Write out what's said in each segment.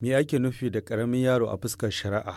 Me ake nufi da ƙaramin yaro a fuskar shari'a?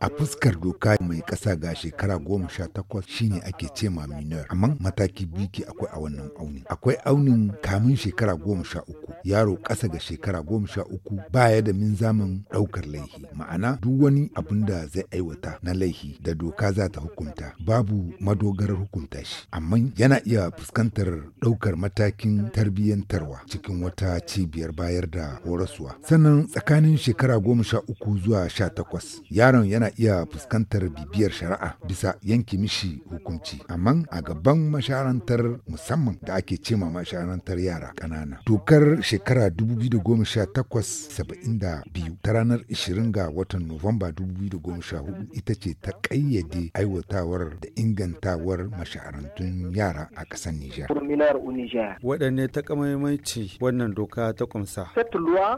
A fuskar doka mai ƙasa ga shekara goma sha takwas shine ake ce ma minor, amma mataki biyu ke akwai a wannan aunin. Akwai aunin kamun shekara goma sha uku yaro ƙasa ga shekara goma sha uku baya da min minzamin ɗaukar laihi ma'ana duk wani abin da zai aiwata na laifi. da doka za ta hukunta babu madogarar hukunta shi amma yana iya fuskantar ɗaukar matakin tarbiyyantarwa cikin wata cibiyar bayar da horaswa sannan tsakanin shekara goma sha uku zuwa sha takwas yaron yana iya fuskantar bibiyar shari'a bisa yanke mishi hukunci amma a gaban masharantar musamman da ake cema masharantar yara ƙanana dokar shekara 2018-72 ta ranar 20 ga watan Nuwamba 2014 ita ce ta ƙayyade aiwatawar da ingantawar mashaharantun yara a ƙasar Nijar. Waɗanne takamaimanci wannan doka ta kumsa?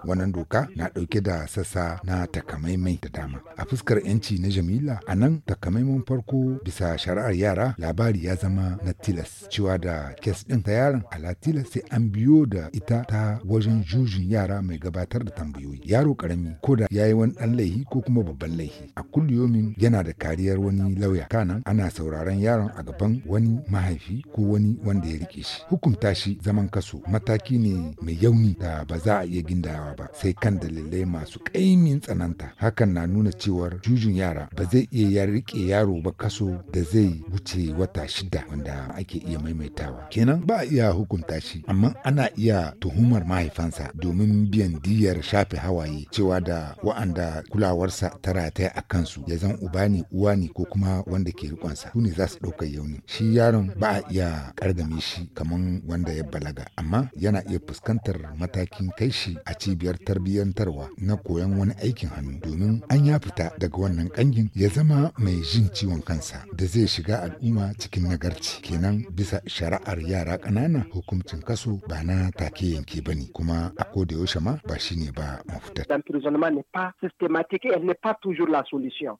Wannan doka na ɗauke da sassa na takamaimai da dama. A fuskar 'yanci na Jamila, a nan takamaiman farko bisa shari'ar yara labari ya zama na tilas cewa da kes ɗin ta yaron a latila sai an biyo da ita ta wajen jujin yara mai gabatar da tambayoyi yaro karami ko da yayi wani dan laihi ko kuma babban laihi a kulliyomin yana da kariyar wani lauya kanan ana sauraron yaron a gaban wani mahaifi ko wani wanda ya rike shi hukunta shi zaman kaso mataki ne mai yauni da ba za a iya gindawa ba sai kan dalilai masu kaimin tsananta hakan na nuna cewar jujin yara ba zai iya ya yaro ba kaso da zai wuce wata shida wanda ake iya maimaitawa kenan ba a iya hukunta shi amma ana iya tuhumar ma mahaifansa domin biyan diyar shafe hawaye cewa da wa'anda kulawarsa ta rataya a kansu ya zan uba ne uwa ne ko kuma wanda ke rikonsa su ne za su ɗaukar yauni shi yaron ba a iya kargame shi kamar wanda ya balaga amma yana iya fuskantar matakin kai shi a cibiyar tarbiyyantarwa na koyon wani aikin hannu domin an ya fita daga wannan ƙangin ya zama mai jin ciwon kansa da zai shiga al'umma cikin nagarci kenan bisa shari'ar yara ƙanana hukuncin kaso ba na take yanke ba comment kuma a ko da yaushe ma ba shine ba mafitar. L'emprisonnement n'est pas systématique et elle n'est pas toujours la solution.